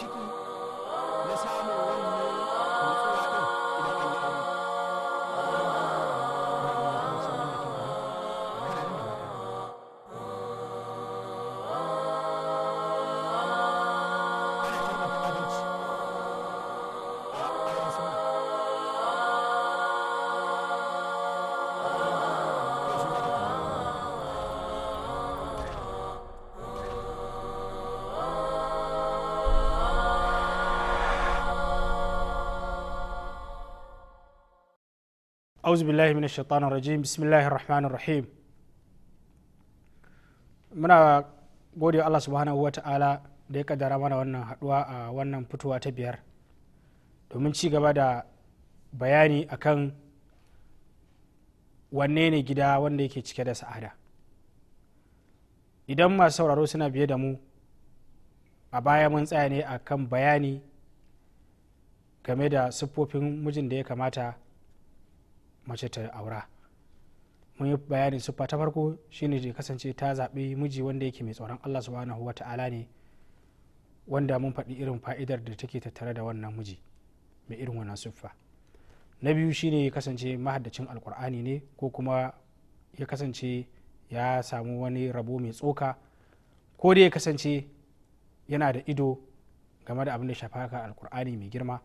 마시고 auzu billahi min rajim bismillahir rahmanir rahim muna gode Allah subhanahu wa ta'ala da ya kaddara mana wannan haduwa a wannan fitowa ta biyar domin ci gaba da bayani akan wanne ne gida wanda yake cike da sa'ada idan masu sauraro suna biye da mu a baya mun tsaya ne akan bayani game da siffofin mijin da ya kamata mace ta aura mun yi bayanin siffa ta farko shine ta kasance ta zaɓi miji wanda yake mai tsoron allah subhanahu wa ta'ala ne wanda mun faɗi irin fa'idar da take tattare da wannan miji mai irin wannan siffa na biyu shine ya kasance mahaddacin alkur'ani ne ko kuma ya kasance ya samu wani rabo mai tsoka ko dai ya kasance yana da ido game da abin da shafaka alkur'ani mai girma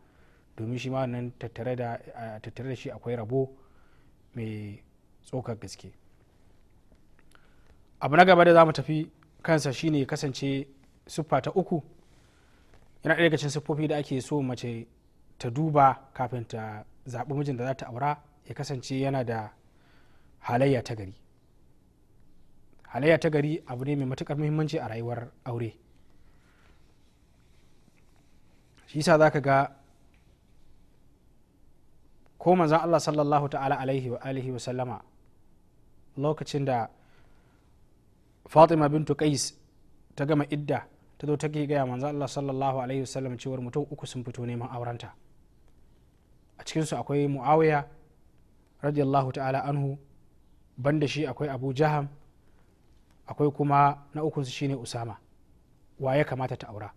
domin shi ma wannan tattare da shi akwai rabo mai tsokar gaske abu na gaba da za mu tafi kansa shine kasance siffa ta uku yana ɗaya cikin siffofi da ake so mace ta duba kafin ta zaɓi mijin da za ta aura ya kasance yana da halayya ta gari halayya ta gari abu ne mai matuƙar muhimmanci a rayuwar aure shi sa za ka ga ko manzon Allah sallallahu ta'ala alaihi wa alihi wa sallama lokacin da Fatima bintu Qais ta gama idda ta zo take gaya manzon Allah sallallahu alaihi wa sallam cewar mutum uku sun fito neman aurenta a cikin su akwai Muawiya radiyallahu ta'ala anhu banda shi akwai Abu Jaham akwai kuma na ukunsu shine Usama wa ya kamata ta aura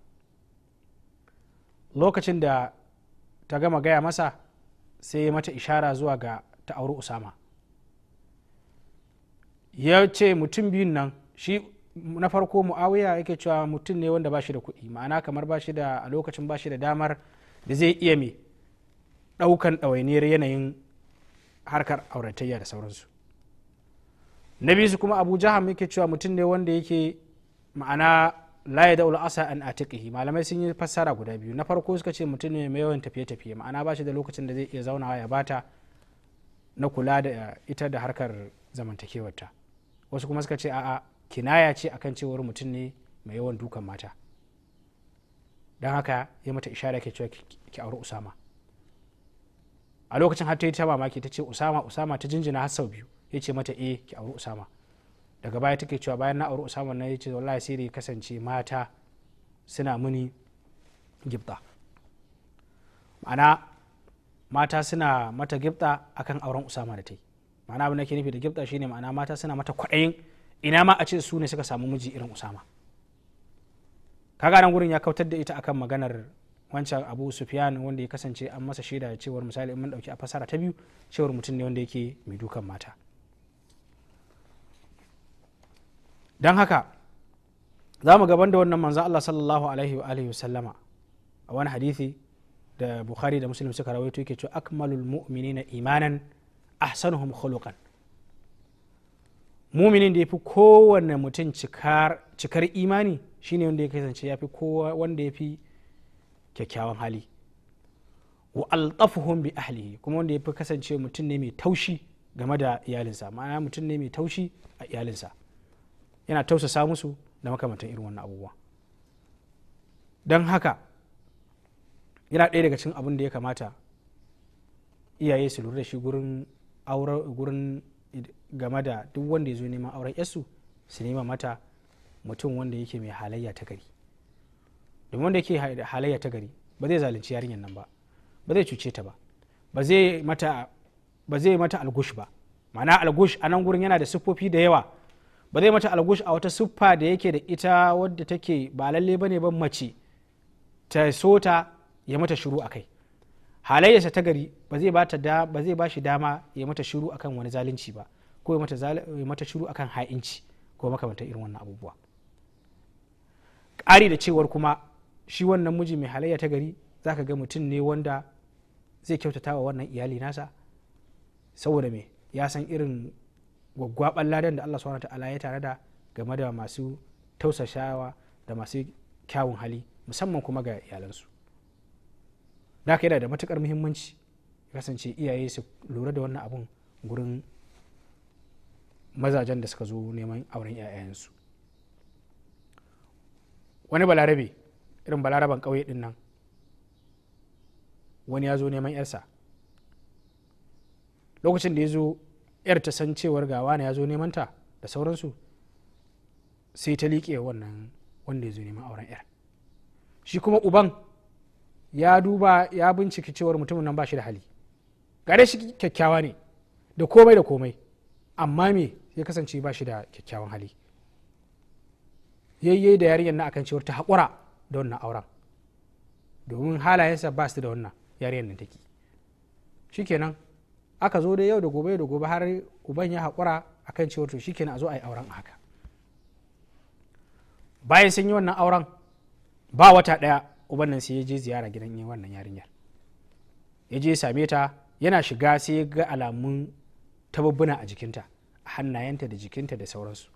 lokacin da ta gama gaya masa sai ya mata ishara zuwa ga ta auri usama ya ce mutum biyun nan shi na farko mu'awiya yake cewa mutum ne wanda ba shi da kuɗi ma'ana kamar ba shi da a lokacin ba shi da damar da zai iya mai ɗaukan ɗawainiyar yanayin harkar auratayya da sauransu na biyu kuma abu jaham yake cewa mutum ne wanda yake ma'ana la da daula asa an atikihi malamai sun yi fassara guda biyu na farko suka ce mutum ne mai yawan tafiye-tafiye ma'ana ba shi da lokacin da zai iya zaunawa ya bata na kula da ita da harkar zamantakewarta wasu kuma suka ce a'a kinaya ce akan cewar mutum ne mai yawan dukan mata don haka ya mata ishara ke cewa ki auri usama a lokacin har ta yi ta mamaki ta ce usama usama ta jinjina har sau biyu ya ce mata eh ki auri usama daga baya take cewa bayan na auri usama na ce wallahi sai da kasance mata suna muni gifta ma'ana mata suna mata gifta akan auren usama da ta yi ma'ana abin da ke nufi da gifta shine ma'ana mata suna mata kwaɗayin ina ma a ce su ne suka samu miji irin usama kaga nan gurin ya kautar da ita akan maganar wancan abu sufyan wanda ya kasance an masa shaida da cewar misali in mun dauki a fasara ta biyu cewar mutum ne wanda yake mai dukan mata don haka za mu gaban da wannan manzan Allah sallallahu alaihi wa sallama a wani hadithi da bukhari da muslim suka rawaito yake cewa akmalul na imanan ahsanuhum khuluqan muminin da ya fi kowane mutum cikar imani imani shine wanda ya kasance yafi kowa wanda fi kyakkyawan hali wa altafuhum bi ahlihi kuma wanda yafi kasance mutum ne mai taushi game da iyalinsa ma'ana mutum ne mai taushi a iyalinsa yana tausasa musu da makamantan irin wannan abubuwa don haka yana ɗaya daga cin abin da ya kamata iyaye su lura da shi gurin gurin game da duk wanda ya zo neman auren yasu su nema mata mutum wanda yake mai halayya ta gari domin wanda yake halayya ta gari ba zai zalunci yarinyar nan ba ba zai cuce ta ba ba zai mata algush ba ma'ana algush a nan gurin yana da siffofi da yawa ba zai mata algush a wata siffa da yake da ita wadda take ba lalle ba ne ban mace ta so ta ya mata shiru a kai halayyarsa ta gari ba zai ba shi dama ya mata shiru akan wani zalunci ba ko ya mata shiru akan ha'inci ko makamanta irin wannan abubuwa ƙari da cewar kuma shi wannan miji mai halayya ta gari ka ga mutum ne wanda zai kyautata wa wannan iyali nasa saboda me ya san irin gwaggwaban ladan da Allah subhanahu ta'ala ya tare da game da masu tausashawa da masu kyawun hali musamman kuma ga iyalansu da haka yana da matukar muhimmanci kasance iyaye su lura da wannan abun gurin mazajen da suka zo neman auren 'ya'yansu wani balarabe irin balaraban ƙauye ɗin nan wani ya zo neman yarsa lokacin da ya zo yar ta san cewar gawa ne ya zo neman ta da sauransu sai ta liƙe wannan wanda ya zo neman auren yar shi kuma uban ya duba ya bincike cewar mutumin nan ba shi da hali gare shi kyakkyawa ne da komai da komai amma me ya kasance ba shi da kyakkyawan hali yayye da yarinyar na akan cewar ta haƙura da wannan auren domin halayensa ba su da wannan yarinyar nan take shikenan aka zo dai yau da gobe da gobe har uban ya haƙura a kan cewa to shikenan a zo a yi auren haka bayan sun yi wannan auren ba wata ɗaya uban nan sai ya je ziyara gidan yin wannan yarinyar ya je same ta yana shiga sai ya ga alamun tababbuna a jikinta a hannayenta da jikinta da sauransu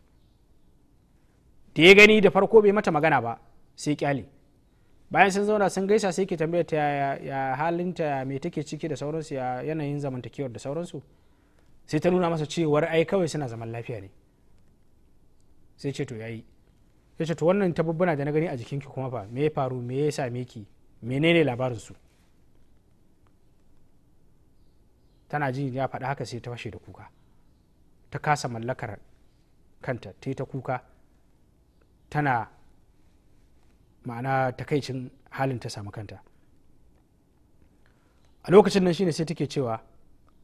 da ya gani da farko bai mata magana ba sai kyale bayan sun zauna sun gaisa sai ke tambayar ta ya halinta mai take ciki da sauransu ya yanayin zamantakewar da sauransu sai ta nuna masa cewar ai kawai suna zaman lafiya ne sai ce to yayi sai ce to wannan tabubbuna da na gani a ki kuma fa me ya faru me ya same ki menene labarin su tana ji ya faɗa haka sai ta fashe da kuka ta kasa mallakar kanta ta ta kuka tana ma'ana takaicin halin ta samu kanta a lokacin nan shine sai take cewa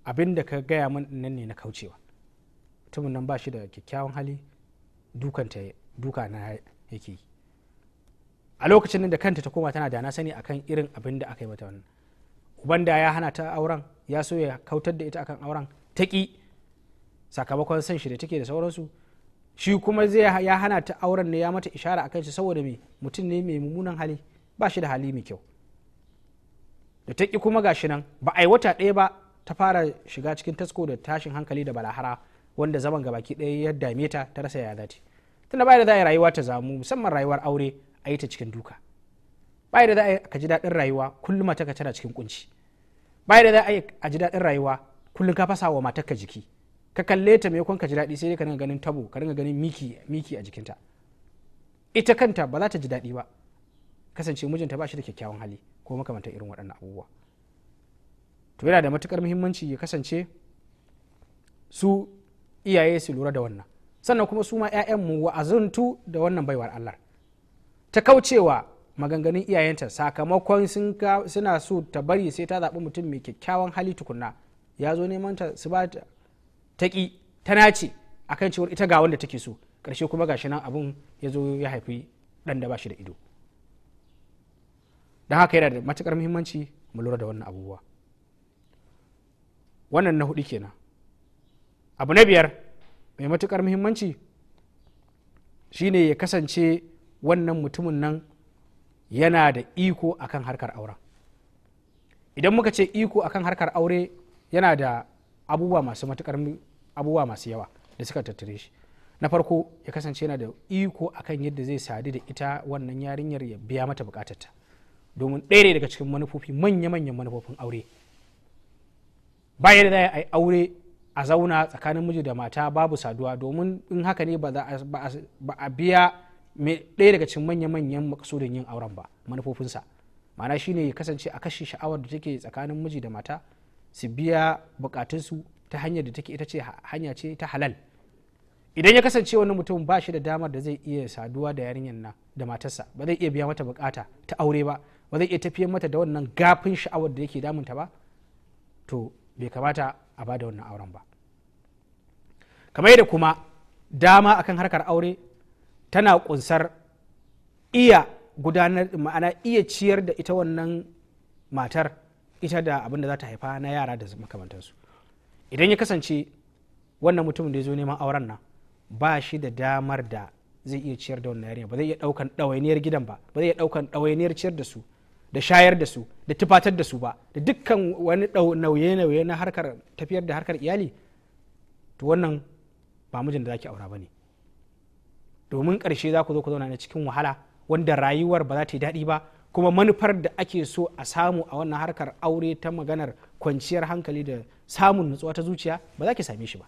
abin da ka gaya min nan ne na kaucewa mutumin nan ba shi da kyakkyawan hali dukanta duka na yake yi a lokacin nan da kanta ta koma tana da na sani akan irin abin da aka yi mata wannan uban da ya hana ta auren ya so ya kautar da ita akan auren ta sakamakon san shi da take da sauransu shi kuma zai ya hana ta auren ne ya mata ishara akan shi saboda me mutum ne mai mummunan hali ba shi da hali mai kyau da ta ki kuma gashi nan ba a yi wata ɗaya ba ta fara shiga cikin tasko da tashin hankali da balahara wanda zaman gaba ki ɗaya ya dame ta ta rasa ya zati tunda ba da za a yi rayuwa ta zamu musamman rayuwar aure a yi ta cikin duka ba da za a yi ka ji daɗin rayuwa kullum ka tana cikin kunci ba da za a yi a ji daɗin rayuwa kullum ka fasa wa matar ka jiki ka kalle ta mai ka ji daɗi sai dai ka dinga ganin tabo ka dinga ganin miki miki a jikinta ita kanta ba za ta ji daɗi ba kasance mijinta ba shi da kyakkyawan hali ko makamantar irin waɗannan abubuwa to yana da matukar muhimmanci ya kasance su iyaye su lura da wannan sannan kuma su ma 'ya'yan wa wa'azantu da wannan baiwar Allah ta kaucewa maganganun iyayenta sakamakon suna so ta bari sai ta zaɓi mutum mai kyakkyawan hali tukunna ya zo neman ta su ba ta ƙi ta nace kan cewar ita ga wanda take so ƙarshe kuma gashi nan abun ya zo ya haifi ɗan da ba shi da ido don haka yana da matuƙar muhimmanci mu lura da wannan abubuwa wannan na hudu kenan abu na biyar mai matuƙar muhimmanci shine ya kasance wannan mutumin nan yana da iko akan harkar auren idan muka ce iko akan harkar aure yana da abubuwa masu matukar abubuwa masu yawa da suka tattare shi na farko ya kasance yana da iko akan yadda zai sadu da ita wannan yarinyar ya biya mata bukatarta domin ɗaya daga cikin manufofi manya-manyan manufofin aure bayan da a yi aure a zauna tsakanin miji da mata babu saduwa domin in haka ne ba a biya ɗaya daga cikin manya-manyan makasudin yin auren ba manufofinsa ma'ana shine ya kasance a kashe sha'awar da take tsakanin miji da mata su biya bukatunsu ta hanyar da take ita ce hanya ce ta halal idan ya kasance wani mutum ba shi da damar da zai iya saduwa da yarinyar na da matarsa ba zai iya biya mata bukata ta aure ba ba zai iya tafiyar mata da wannan gafin sha'awar da yake damunta ba to bai kamata a ba da wannan auren ba kamar yadda kuma dama akan harkar aure tana kunsar iya gudanar ma'ana iya ciyar da ita wannan matar ita da abin da za ta haifa na yara da makamantansu idan ya kasance wannan mutumin da ya zo neman auren nan ba shi da damar da zai iya ciyar da wannan yarinya ba zai iya daukan ɗawainiyar gidan ba ba zai iya daukan ɗawainiyar ciyar da su da shayar da su da tufatar da su ba da dukkan wani nauye-nauye na harkar tafiyar da harkar iyali to wannan ba mijin da zaki aura ba ne domin karshe za ku zo ku zauna na cikin wahala wanda rayuwar ba za ta yi daɗi ba kuma manufar da ake so a samu a wannan harkar aure ta maganar kwanciyar hankali da samun nutsuwa ta zuciya ba za ki same shi ba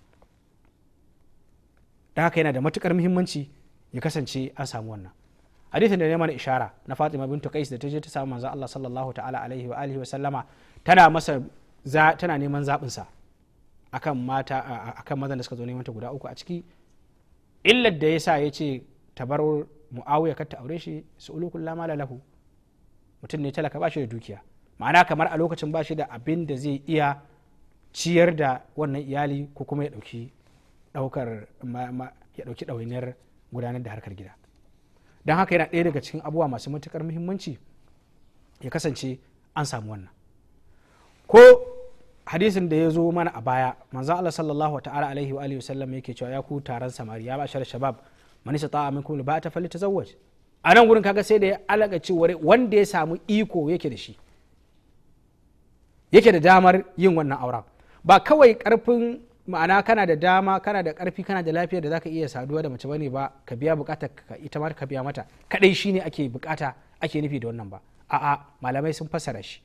da haka yana da matukar muhimmanci ya kasance an samu wannan hadithin da ne mana ishara na Fatima bintu Qais da ta je ta samu manzo Allah sallallahu ta'ala alaihi wa alihi wa sallama tana masa tana neman zabin sa akan mata akan mazan da suka zo neman ta guda uku a ciki illar da yasa yace tabar Muawiya kar ta aure shi su la mala lahu mutum ne talaka bashi da dukiya ma'ana kamar a lokacin bashi da abin da zai iya ciyar da wannan iyali ko kuma ya ɗauki ɗaukar ya ɗauki ɗawainiyar gudanar da harkar gida don haka yana ɗaya daga cikin abubuwa masu matukar muhimmanci ya kasance an samu wannan ko hadisin da ya zo mana a baya manzon Allah sallallahu ta'ala alaihi wa alihi wasallam yake cewa ya ku taron samari ya ba shar shabab man istata'a minkum ta baa tazawwaj a nan gurin kaga sai da ya alaka cewar wanda ya samu iko yake da shi yake da damar yin wannan auren ba kawai karfin ma'ana kana da dama kana da karfi kana da lafiyar da zaka iya saduwa da mace bane ba ka biya bukata ka ita ma ka biya mata kadai shine ake bukata ake nufi da wannan ba a'a malamai sun fassara shi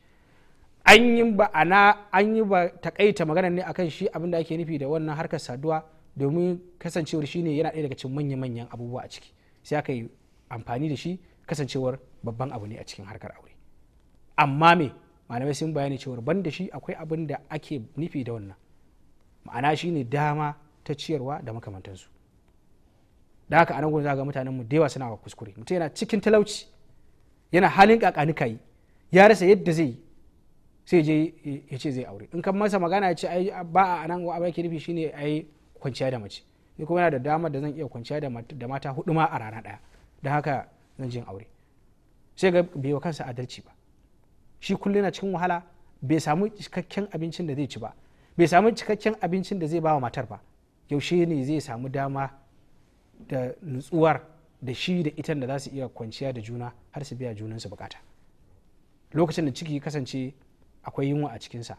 an yi ba ana an yi ba takaita magana ne akan shi abin da ake nufi da wannan harkar saduwa domin kasancewar shine yana ɗaya daga cikin manya-manyan abubuwa a ciki sai aka yi amfani da shi kasancewar babban abu ne a cikin harkar aure amma me malamai sun bayani cewar ban da shi akwai abin da ake nufi da wannan ma'ana shi ne dama ta ciyarwa da makamantansu da haka anan gurin ga mutanen mu dewa suna kuskure mutum yana cikin talauci yana halin kakanika yi ya rasa yadda zai yi sai je ya ce zai aure in kan masa magana ya ce ai ba a anan wa abin nufi shine ai kwanciya da mace ni kuma yana da dama da zan iya kwanciya da mata hudu ma a rana daya da haka zan jin aure sai ga bai wa kansa adalci ba shi kullum yana cikin wahala bai samu cikakken abincin da zai ci ba bai samu cikakken abincin da zai ba wa matar ba yaushe ne zai samu dama da nutsuwar da shi da itan da za su iya kwanciya da juna har su biya junansu bukata lokacin da ciki kasance akwai yunwa a cikinsa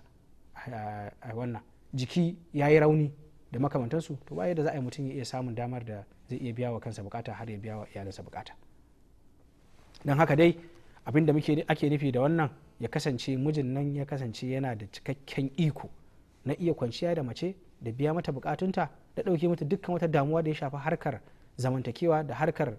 a wannan jiki ya yi rauni da makamantansu to ba yadda za a yi mutum ya iya samun damar da zai iya biya wa kansa bukata har ya biya wa iyalinsa bukata don haka dai abin da ake nufi da wannan ya kasance mijin nan ya kasance yana da cikakken iko na iya kwanciya da mace da biya mata bukatunta da ɗauke mata dukkan wata damuwa da ya shafi harkar zamantakewa da harkar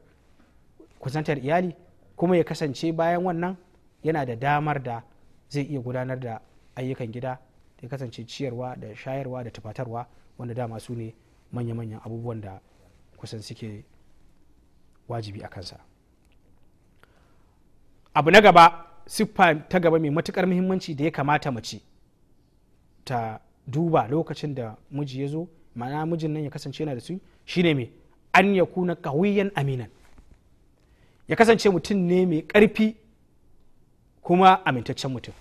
kusantar iyali kuma ya kasance bayan wannan yana da damar da zai iya gudanar da ayyukan gida ya kasance ciyarwa da shayarwa da tufatarwa wanda dama su ne manya-manyan abubuwan da kusan suke wajibi a kansa abu na gaba siffa ta gaba mai matukar muhimmanci da ya kamata mace ta duba lokacin da miji ya zo ma'ana mijin nan ya kasance yana da su shine mai an ya kuna kawiyan aminan ya kasance mutum ne mai karfi kuma amintaccen mutum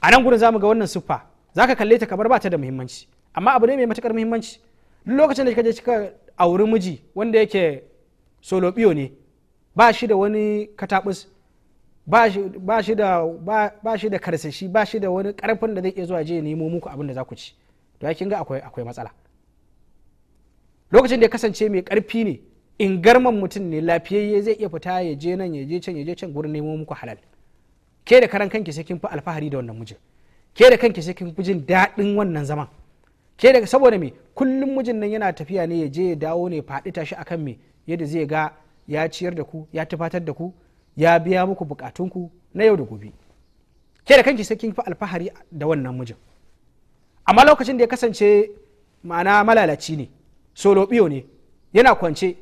a nan gudun za mu ga wannan siffa za ka kalle ta kamar ba ta da muhimmanci amma abu ne mai matukar muhimmanci duk lokacin da kika je kika auri miji wanda yake solobiyo ne ba shi da wani katabus ba shi da karsashi ba shi da wani karfin da zai iya zuwa je ya nemo muku abin da za ku ci to ya kin ga akwai akwai matsala lokacin da ya kasance mai karfi ne in garman mutum ne lafiyayye zai iya fita ya je nan ya je can ya je can gurin nemo muku halal ke da karan kanki sai kin fi alfahari da wannan mijin ke da kanki sai kin fi jin daɗin wannan zaman ke daga saboda me kullum mijin nan yana tafiya ne ya je ya dawo ne faɗi tashi akan me yadda zai ga ya ciyar da ku ya tufatar da ku ya biya muku bukatun ku na yau da gobe ke da kanki sai kin fi alfahari da wannan mijin amma lokacin da ya kasance ma'ana malalaci ne solo biyo ne yana kwance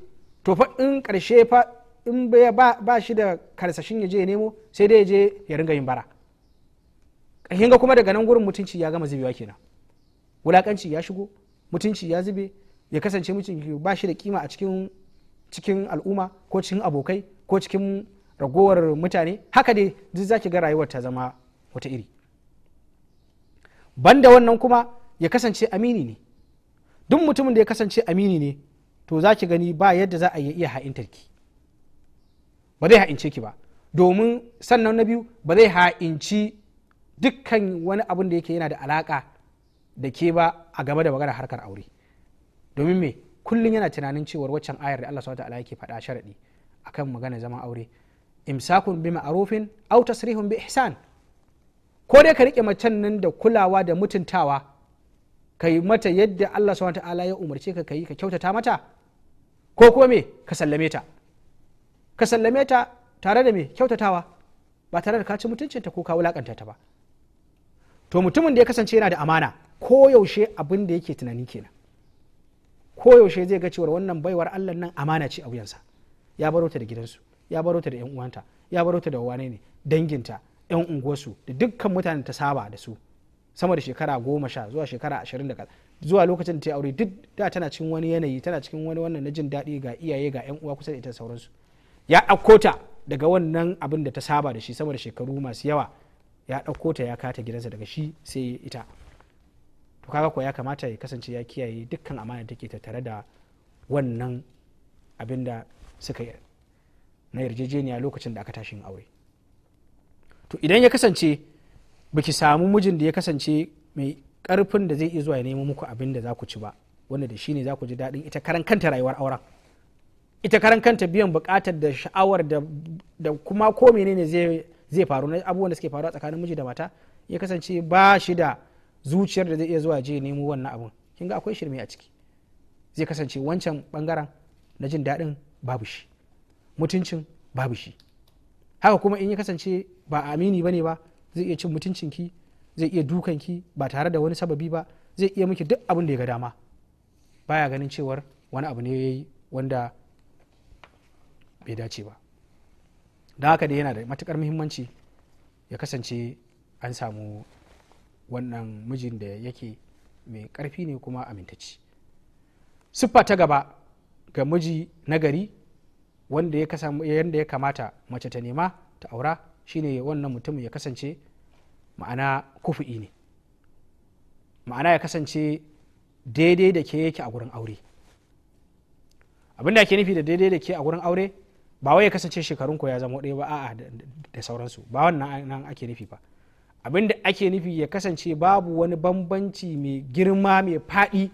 to fa in karshe fa in ba, ba shi da karsashin ya je ya nemo sai dai ya je ya ringa yin bara kin ga kuma daga nan gurin mutunci ya gama zubewa kenan wulakanci ya shigo mutunci ya zube ya kasance mutum ba shi da kima a cikin al'umma ko cikin abokai ko cikin ragowar mutane haka dai duk zaki ga rayuwar ta zama wata iri banda wannan kuma ya kasance amini ne duk mutumin da ya kasance amini ne to za ki gani ba yadda za a iya ha'intarki ba zai ha'ince ki ba domin sannan na biyu ba zai ha'inci dukkan wani abin da yake yana da alaka da ke ba a game da magana harkar aure domin me kullum yana tunanin cewar waccan ayar da Allah subhanahu ta'ala yake faɗa sharadi akan magana zaman aure imsakun bi ma'rufin aw tasrihun bi ihsan ko dai ka rike macen nan da kulawa da mutuntawa ka yi mata yadda Allah subhanahu ta'ala ya umarce ka kai ka kyautata mata ko kuma me ka sallame ta ka sallame ta tare da me kyautatawa ba tare da ka ci mutuncinta ko ka wulakanta ta ba to mutumin da ya kasance yana da amana koyaushe abin da yake tunani kenan koyaushe zai ga cewar wannan baiwar allah nan amana ce a wuyansa ya baro ta da gidansu ya baro ta da yan uwanta ya baro ta da wane ne danginta yan unguwarsu da dukkan mutane ta saba da su sama da shekara goma sha zuwa shekara ashirin da zuwa lokacin da ta aure duk da tana cikin wani yanayi tana cikin wani wannan na jin daɗi ga iyaye ga yan uwa kusa da ita sauransu ya ɗauko ta daga wannan abin da ta saba da shi sama da shekaru masu yawa ya ɗauko ta ya kata gidansa daga shi sai ita to kaga ko ya kamata ya kasance ya kiyaye dukkan amana take tattare da wannan abin da suka na yarjejeniya lokacin da aka tashin aure to idan ya kasance baki samu mijin da ya kasance mai karfin da zai iya zuwa ya nemo muku abin da za ku ci ba wanda da shi ne za ku ji daɗin ita karan kanta rayuwar auren ita karan kanta biyan buƙatar da sha'awar da kuma ko menene zai faru na abubuwan da suke faruwa tsakanin miji da mata ya kasance ba shi da zuciyar da zai iya zuwa je nemo wannan abun kin ga akwai shirme a ciki zai kasance wancan bangaren na jin daɗin babu shi mutuncin babu shi haka kuma in ya kasance ba amini bane ba zai iya cin mutuncin ki zai iya dukan ki ba tare da wani sababi ba zai iya miki duk abin da ya ga dama baya ganin cewar wani abu ne ya yi wanda bai dace ba don haka dai yana da matukar muhimmanci ya kasance an samu wannan mijin da yake mai karfi ne kuma amintaci siffa ta gaba ga miji nagari wanda ya ya kamata mace ta nema ta aura shine wannan mutum ya kasance ma'ana kufu'i ne ma'ana ya kasance daidai da ke yake a gurin aure abinda ke nufi da daidai da ke a gurin aure ba wai ya kasance shekarun ko ya zama ɗaya ba a'a da sauransu ba wannan ake nufi ba abin da ake nufi ya kasance babu wani bambanci mai girma mai faɗi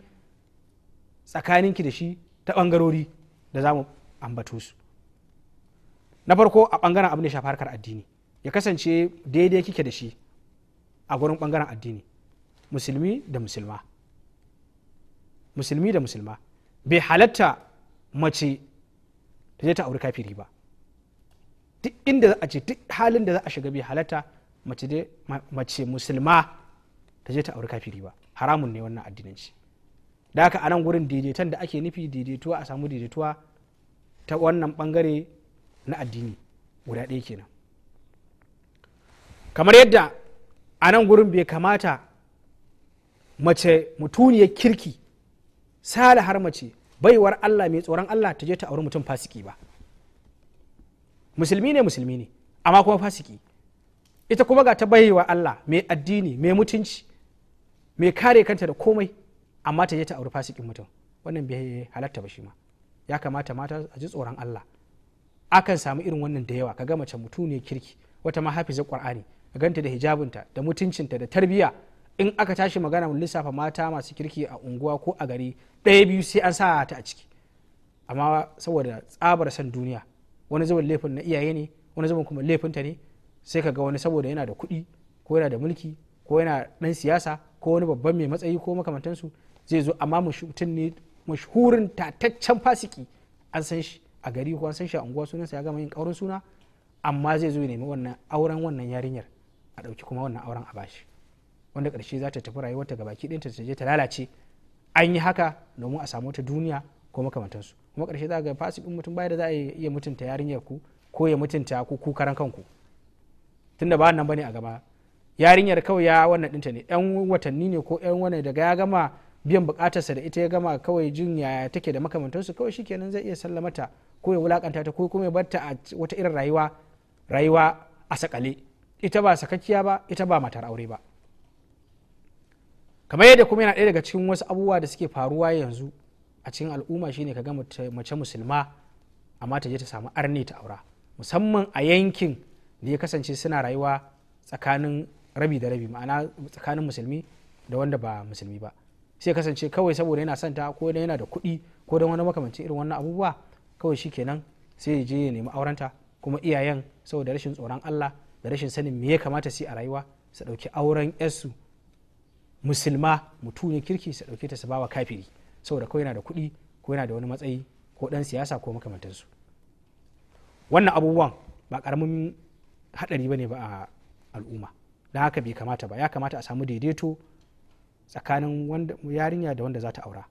tsakaninki da shi ta bangarori da za mu ambato su na farko a ɓangaren abin da shafi harkar addini ya kasance daidai kike da shi a gurin ɓangaren addini musulmi da musulma musulmi da musulma bai halatta mace ta je ta auri kafiri ba duk inda za a ce duk halin da za a shiga bai halatta mace dai mace musulma ta je ta auri kafiri ba haramun ne wannan addinanci da haka a gurin daidaiton da ake nufi daidaituwa a samu daidaituwa ta wannan bangare na addini guda ɗaya kenan kamar yadda anan nan gurin bai kamata mace mutuniyar kirki har mace baiwar allah mai tsoron allah ta je ta auri mutum fasiki ba musulmi ne musulmi ne amma kuma fasiki ita kuma ga ta bayewa Allah mai addini mai mutunci mai kare kanta da komai amma ta je ta auri fasikin mutum wannan bai halatta ba shi ma ya kamata mata a ji tsoron Allah akan samu irin wannan da yawa kaga mace mutu ne kirki wata ma hafizar qur'ani ganta da hijabinta da mutuncinta da tarbiya in aka tashi magana mun lissafa mata masu kirki a unguwa ko a gari ɗaya biyu sai an sa ta a ciki amma saboda tsabar san duniya wani zubin laifin na iyaye ne wani zubin kuma laifinta ne sai ka ga wani saboda yana da kuɗi ko yana da mulki ko yana ɗan siyasa ko wani babban mai matsayi ko makamantansu zai zo amma mutum ne mashhurin tataccen fasiki an san shi a gari ko an san shi a unguwa sunansa ya gama yin ƙaurin suna amma zai zo ya nemi wannan auren wannan yarinyar a ɗauki kuma wannan auren a bashi wanda ƙarshe za ta tafi rayuwarta ga baki ɗinta ta je ta lalace an yi haka domin a samu ta duniya ko makamantansu kuma ƙarshe za ga fasikin mutum baya da za a iya mutunta yarinyar ku ko ya mutunta ku ku kanku tunda ba nan bane a gaba yarinyar kawai ya wannan dinta ne yan watanni ne ko yan wani daga ya gama biyan bukatarsa da ita ya gama kawai jin yaya take da makamantansu kawai shikenan zai iya sallamata ko ya wulakanta ta ko kuma ya barta a wata irin rayuwa rayuwa a sakale ita ba sakakkiya ba ita ba matar aure ba kamar yadda kuma yana ɗaya daga cikin wasu abubuwa da suke faruwa yanzu a cikin al'umma shine ka ga mace musulma amma ta je ta samu arne ta aura musamman a yankin da ya kasance suna rayuwa tsakanin rabi da rabi ma'ana tsakanin musulmi da wanda ba musulmi ba sai kasance kawai saboda yana santa ko yana da kuɗi ko don wani makamancin irin wannan abubuwa kawai shi kenan sai ya je ya nemi aurenta kuma iyayen saboda rashin tsoron Allah da rashin sanin me ya kamata su a rayuwa su ɗauki auren yarsu musulma mutune kirki su dauke ta su bawa kafiri saboda kawai yana da kuɗi ko yana da wani matsayi ko dan siyasa ko makamantansu wannan abubuwan ba karamin haɗari ba ne ba a al'umma don haka bai kamata ba ya kamata a samu daidaito tsakanin yarinya da wanda za ta aura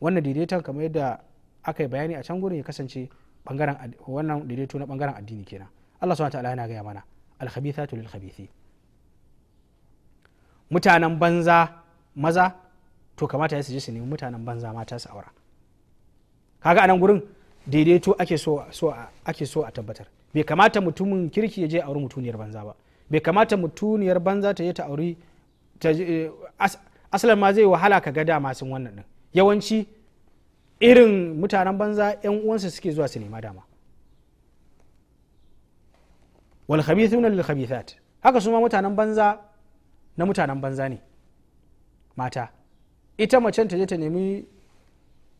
wannan daidaiton kamar yadda aka yi bayani a can gurin ya kasance bangaren wannan daidaito na bangaren addini kenan Allah subhanahu ta'ala yana gaya mana alkhabithatu lil khabithi mutanen banza maza to kamata ya suje su nemi mutanen banza mata su aura kaga anan gurin daidaito ake so a tabbatar bai kamata mutumin kirki ya je auri mutuniyar banza ba bai kamata mutuniyar banza ta je ta auri eh, asalin ma zai wahala ka ga dama sun wannan din yawanci irin mutanen banza yan uwansa suke zuwa su nema dama wal khabithuna lil khabithat haka su ma mutanen banza na mutanen banza ne mata ita macen ta je ta nemi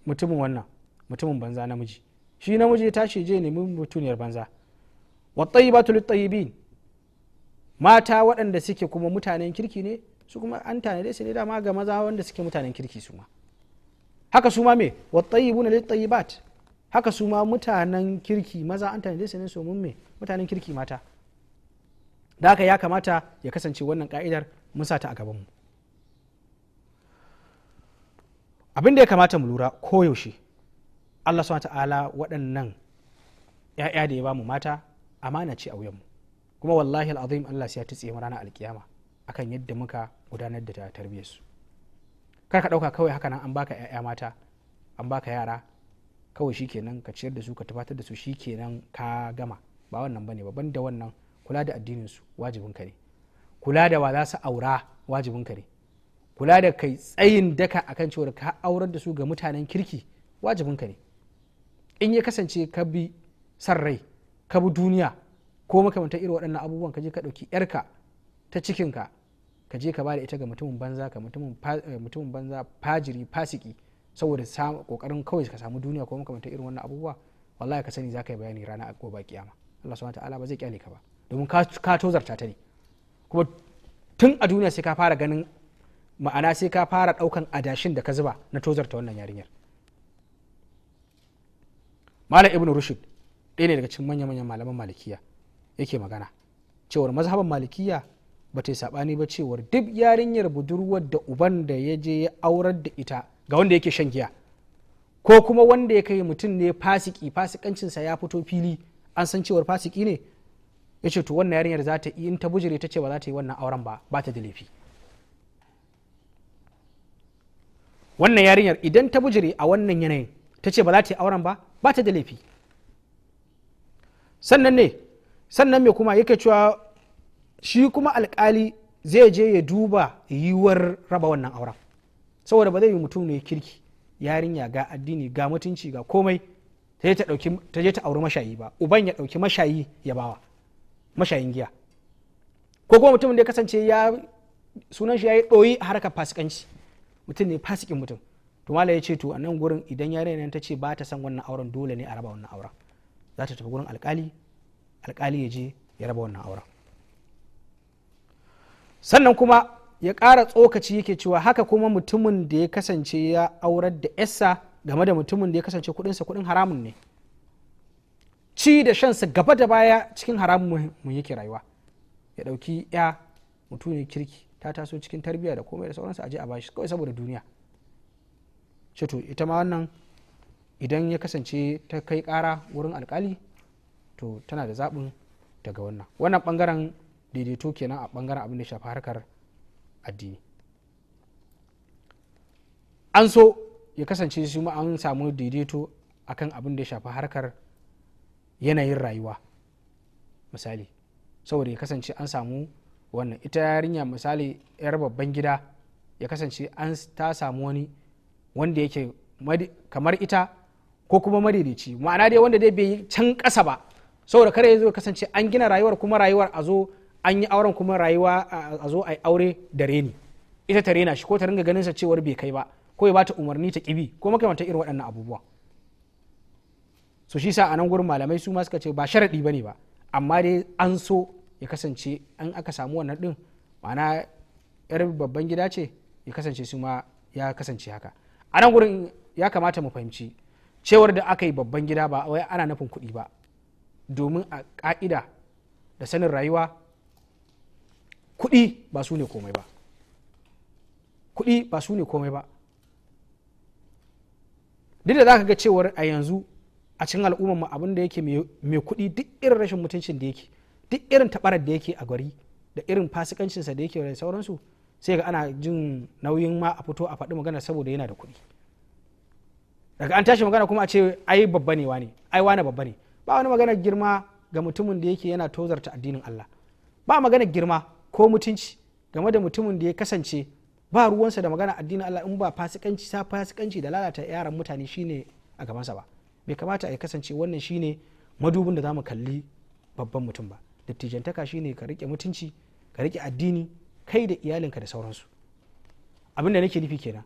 mutumin wannan mutumin banza namiji shi namiji ya tashi je nemi mutuniyar banza wattaibatu littayibin mata waɗanda suke kuma mutanen kirki ne su kuma an tanade su ne dama ga maza wanda suke mutanen kirki su ma haka su ma me na littayibat haka su ma mutanen kirki maza an tanade su ne su mun me mutanen kirki mata da haka ya kamata ya kasance wannan ka'idar mun sa ta a gabanmu abin da ya kamata mu lura koyaushe allah subhanahu ta'ala waɗannan 'ya'ya da ya bamu mata amana ce a wuyanmu kuma wallahi al'azim Allah sai ya tutse mu ranar alkiyama akan yadda muka gudanar da tarbiyyar su kar ka dauka kawai haka nan an baka yaya mata an baka yara kawai shikenan ka ciyar da su ka tabbatar da su shikenan ka gama ba wannan bane ba banda wannan kula da addinin su wajibin ka ne kula da wa za su aura wajibin ka ne kula da kai tsayin daka akan cewar ka aurar da su ga mutanen kirki wajibin ka ne in ya kasance ka bi san rai ka bi duniya ko makamantar irin waɗannan abubuwan ka je ka ɗauki yarka ta cikinka ka je ka bada ita ga mutumin banza ka eh, mutumin banza fajiri fasiki saboda kokarin kawai ka samu duniya ko makamantar irin wannan abubuwa wallahi ka sani za ka yi bayani rana a gobe kiyama Allah subhanahu wataala ba zai kyale ka ba domin ka tozarta ta ne kuma tun a duniya sai ka fara ganin ma'ana sai ka fara daukan adashin da ka zuba na tozarta wannan yarinyar malam ibnu rushd ɗaya ne daga cikin manya-manyan malaman malikiya yake magana cewar mazhaban malikiya ba ta yi saɓani ba cewar duk yarinyar budurwar da uban da ya je ya aurar da ita ga wanda yake shan giya ko kuma wanda ya kai mutum ne fasiki fasikancinsa ya fito fili an san cewar fasiki ne ya ce to wannan yarinyar za ta in ta bujire ta ce ba za ta yi wannan auren ba ba ta da laifi wannan yarinyar idan ta bujire a wannan yanayin ta ce ba za ta yi auren ba ba ta da laifi sannan ne sannan me kuma yake cewa shi kuma alkali zai je ya duba yiwuwar raba wannan auren saboda ba zai yi mutum ne kirki yarinya ga addini ga mutunci ga komai ta je ta auri mashayi ba uban ya ɗauki mashayi ya bawa mashayin giya ko kuma mutumin da ya kasance ya sunan shi ya yi ɗoyi a harkar fasikanci mutum ne fasikin mutum to mala ya ce to a nan gurin idan yarinya ta ce ba ta san wannan auren dole ne a raba wannan auren za ta tafi gurin alkali alkali ya je ya raba wannan auren sannan kuma ya ƙara tsokaci yake cewa haka kuma mutumin da ya kasance ya aurar da yassa game da mutumin da ya kasance kudinsa kudin haramun ne ci da shansa gaba da baya cikin haramun mu yake rayuwa ya ɗauki ya mutum ne kirki ta taso cikin tarbiyya da komai da sauransu a je a bashi kawai saboda duniya ce to ita ma wannan idan ya kasance ta kai kara wurin alkali to tana da zaɓin daga wannan wannan ɓangaren daidaito kenan a ɓangaren abin da shafi harkar addini an so ya kasance su ma an samu daidaito akan abin da ya shafi harkar yanayin rayuwa misali saboda ya kasance an samu wannan ita yarinya misali yar babban gida ya kasance an ta samu wani wanda yake kamar ita ko kuma madaidaici ma'ana dai wanda dai bai can ƙasa ba saboda kare zai kasance an gina rayuwar kuma rayuwar a zo an yi auren kuma rayuwa a zo a yi aure da reni ita ta rena shi ko ta ringa ganin sa cewar bai kai ba ko ya bata umarni ta kibi ko makamantar irin waɗannan abubuwa Su shi sa a nan gurin malamai su ma suka ce ba sharaɗi ba ne ba amma dai an so ya kasance an aka samu wannan ɗin ma'ana yar babban gida ce ya kasance su ma ya kasance haka a nan gurin ya kamata mu fahimci cewar da aka yi babban gida ba wai ana nufin kuɗi ba domin a ƙa'ida da sanin rayuwa kuɗi ba su ne komai ba kuɗi ba su ne komai ba duk da za ka ga cewar a yanzu a cikin mu abin da yake mai kuɗi duk irin rashin mutuncin da yake duk irin taɓarar da yake a gari da irin fasikancinsa da yake da sauransu sai ga ana jin nauyin ma a fito a faɗi magana saboda yana da kuɗi daga an tashi magana kuma a ce ai babba ne wani ai wani babba ne ba wani magana girma ga mutumin da yake yana tozarta addinin Allah ba magana girma ko mutunci game da mutumin da ya kasance ba ruwansa da magana addinin Allah in ba fasikanci sa fasikanci da lalata yaran mutane shine a gabansa ba bai kamata a kasance wannan shine madubin da zamu kalli babban mutum ba dattijantaka shine ka rike mutunci ka rike addini kai da iyalinka da sauransu abin da nake nufi kenan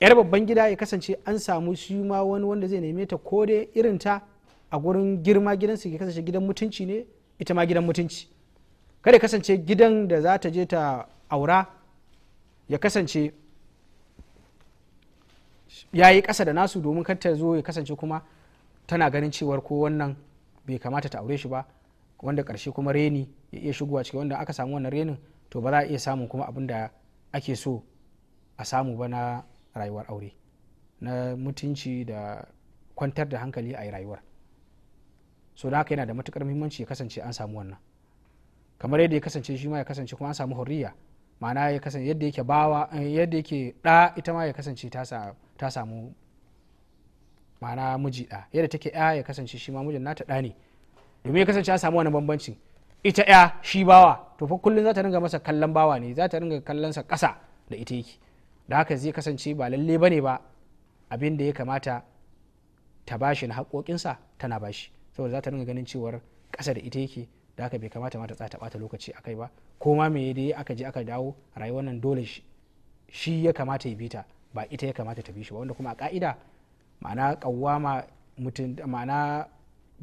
yar babban gida ya kasance an samu shi ma wani wanda zai neme ta ko dai irin ta a gurin girma gidansu ya kasance gidan mutunci ne ita ma gidan mutunci kada kasance gidan da za ta je ta aura ya kasance ya yi kasa da nasu domin kar ta zo ya kasance kuma tana ganin cewar ko wannan bai kamata ta aure shi ba wanda karshe kuma reni ya iya shigowa ciki wanda aka samu wannan renin to ba za a iya samun kuma abin da ake so a samu ba na rayuwar aure na mutunci da kwantar da hankali a rayuwar so da haka yana da matukar muhimmanci ya kasance an samu wannan kamar yadda ya kasance shi ma ya kasance kuma an samu hurriya ma'ana ya kasance yadda yake bawa yadda yake da ita ma ya kasance ta samu ma'ana miji da yadda take ya ya kasance shi ma mijin nata da ne domin ya kasance an samu wani bambanci ita ya shi bawa to fa kullum za ta ringa masa kallon bawa ne za ta ringa kallon sa kasa da ita yake da haka zai kasance ba lalle ne ba abin da ya kamata ta bashi na haƙoƙinsa tana bashi saboda za ta ringa ganin cewar ƙasa da ita yake da haka bai kamata ma ta tsaya ta ɓata lokaci a kai ba ko ma me dai aka je aka dawo rayuwar nan dole shi ya kamata ya bi ta ba ita ya kamata ta bi shi ba wanda kuma a ka'ida ma'ana kawama mutum ma'ana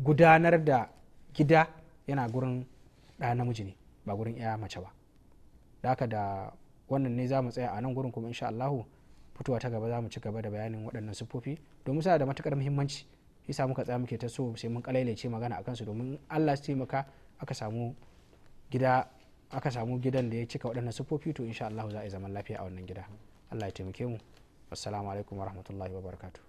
gudanar da gida yana gurin ɗa namiji ne ba gurin iya mace ba da haka da wannan ne za mu tsaya a nan gurin kuma insha Allahu fitowa ta gaba za mu ci gaba da bayanin waɗannan siffofi domin suna da matukar muhimmanci sa muka tsaya muke ta so sai mun kalailace magana akan su domin Allah su taimaka aka samu gida aka samu gidan da ya cika waɗannan siffofi to insha allahu za a yi zaman lafiya a wannan gida Allah ya taimake mu assalamu alaikum warahmatullahi wabarakatuh